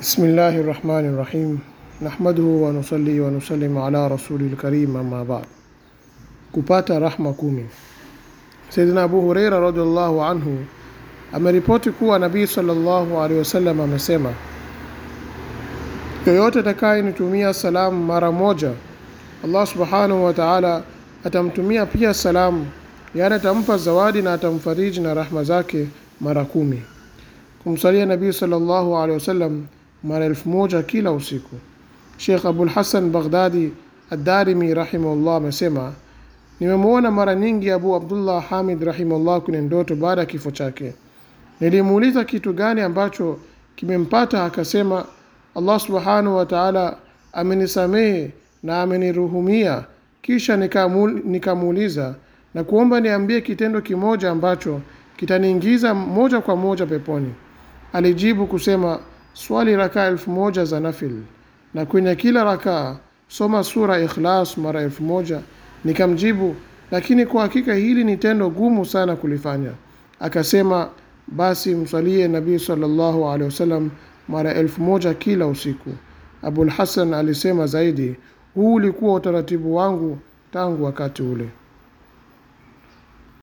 Bismillahi rahmani rahim nahmaduhu wanusali wanusalim ala rasulil karim amma ba'd. Kupata rahma kumi. Sayyidina Abu Hureira radhiallahu anhu ameripoti kuwa Nabii sallallahu alaihi wasallam amesema, yoyote atakayenitumia salamu mara moja, Allah subhanahu wa ta'ala atamtumia pia salamu, yaani atampa zawadi na atamfariji na rahma zake mara kumi. Kumsalia Nabii sallallahu alaihi wasallam mara elfu moja kila usiku. Sheikh Abul Hasan Baghdadi Ad-Darimi rahimahullah amesema nimemwona mara nyingi Abu Abdullah Hamid rahimahullah kwenye ndoto baada ya kifo chake. Nilimuuliza kitu gani ambacho kimempata, akasema Allah subhanahu wa ta'ala amenisamehe na ameniruhumia. Kisha nikamuuliza na kuomba niambie kitendo kimoja ambacho kitaniingiza moja kwa moja peponi. Alijibu kusema swali rakaa elfu moja za nafil na kwenye kila rakaa soma sura Ikhlas mara elfu moja. Nikamjibu, lakini kwa hakika hili ni tendo gumu sana kulifanya. Akasema, basi mswalie Nabii sallallahu alaihi wasallam mara elfu moja kila usiku. Abul Hasan alisema zaidi, huu ulikuwa utaratibu wangu tangu wakati ule.